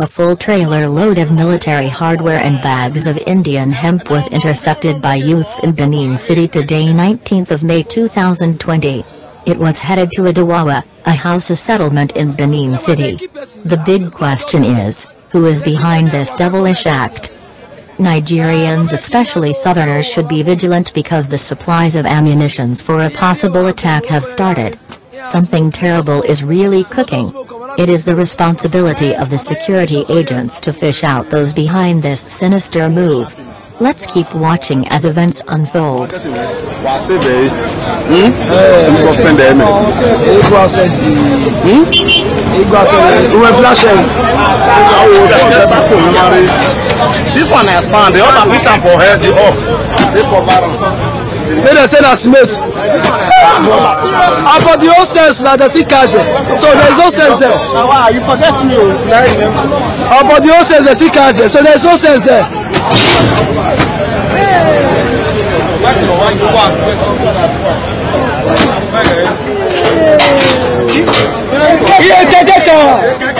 A full trailer load of military hardware and bags of Indian hemp was intercepted by youths in Benin City today 19 May 2020. It was headed to Adawawa, a house settlement in Benin City. The big question is, who is behind this devilish act? Nigerians especially southerners should be vigilant because the supplies of ammunitions for a possible attack have started. Something terrible is really cooking. It is the responsibility of the security agents to fish out those behind this sinister move. Let's keep watching as events unfold. Hmm? Hmm? Hmm? This one I the other written for her, the off. make dem send as mate and for the whole sense na dem still catch dem so there is no sense there and for the whole sense dem still catch dem so there is no sense there. iye tẹ́tẹ́ kan.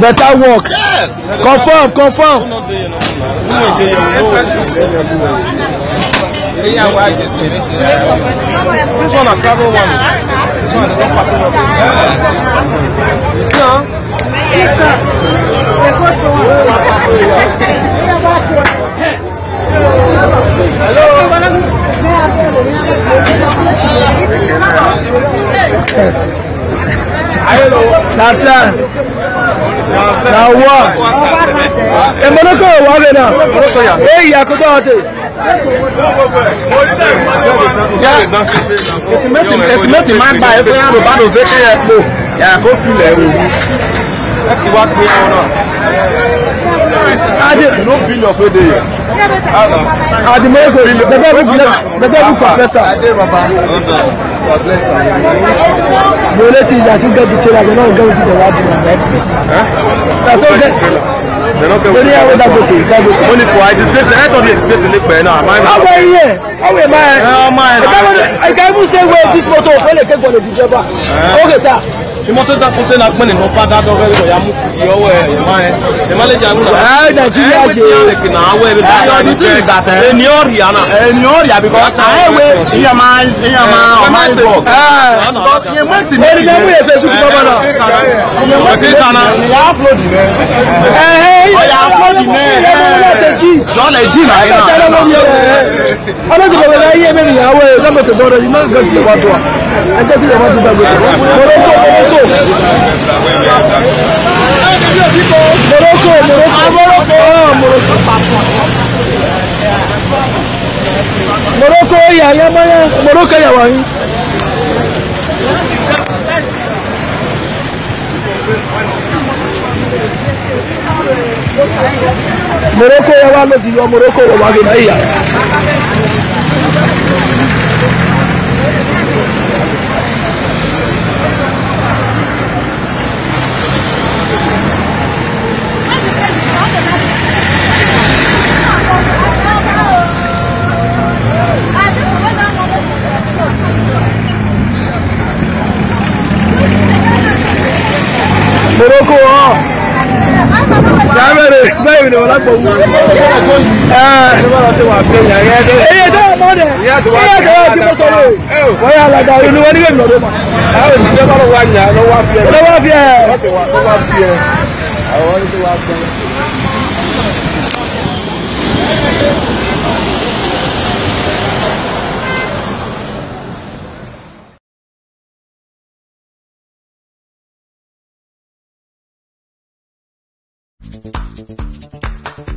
better work yes. confirm confirm. This one I travel one. This one is not passing up. This one. Hello. sir. Hello. Hello. That's it na wa e monoko wa be na e ya ko to ate esimeti máa ń gba ẹgbẹ́ yàrá bá lọ sí ẹ pò yàrá kó filẹ̀ o. ẹ kì wá pé ọ náà. no bill of a day. adimoyeko better book better book of pressure the only thing is that you get the trailer they no get wetin dem wan do na like pit na so get torí ẹ wọ́n Dangote Dangote. mo ní fọ àì disgrace ẹ tó di disgrace ní pẹ̀lú náà. ọwọ iye ọwọ ẹ máa ẹ ọmọ ẹ náà. ìkàwé mú sẹ́wọ́ motor ó lè kégbọ́n imoto ta kun tena kpɛni nɔ pa dadɔ bɛ kɔ yamu yɔ wɛ yama yɛ yama le jagun na. ɛɛ nigeria de. ɛɛ nigeria de kina awɛ bi ba yɔ di tiri da tɛ. ɛɛ niyɔ ria na. ɛɛ niyɔ ria bi kɔ. ɛɛ we iyama iyama ɔma ye bɔ. ɛɛ yɛmɛ ti mi. ɛɛ yɛmɛ ti mi. ɛɛ yɛmɛ ti mi. ɛɛ yɛmɛ ti mi. ɛɛ yɛmɛ ti mi. ɛɛ yɛmɛ ti mi. ɛɛ yɛmɛ ti mi. ɛɛ yɛmɛ ti mi. ɛɛ yɛmɛ ti mi. ɛɛ yɛmɛ ti mi. ɛɛ yɛmɛ ti mi. ɛɛ yɛmɛ ti mi. ɛɛ yɛmɛ ti mi. ɛɛ ọ̀yà afọ́ọ̀dì náà jọ́ọ̀lá ẹ̀jìn náà ẹ̀ dábòtò tó rẹ̀ ní náà gẹ̀ẹ́sì lè wá tó wa ẹjọ́ sì lè wá tó dábòtò mọ̀rọ́kọ̀ mọ̀rọ́kọ̀ mọ̀rọ́kọ̀ mọ̀rọ́kọ̀ mọ̀rọ́kọ̀ yà mọ̀rọ́kọ̀ yà yín. moroko yɛ wa lójú yọ moroko wọ w a á g b ẹ a ọ ìyá. Morocco, ó. sábẹ̀rẹ̀ báyìí ni wọ́n lápò wù. èyí tó wà mọ́dẹ̀ ìyá tó wà tí mo sọ wò wọ́n yà ládàá ìlú wọn nígbà ìmọ̀dé mọ̀. àwọn ìdílé fi ẹ. lọ fi ẹ. lọ wá fi ẹ. fi ẹ. Thank you.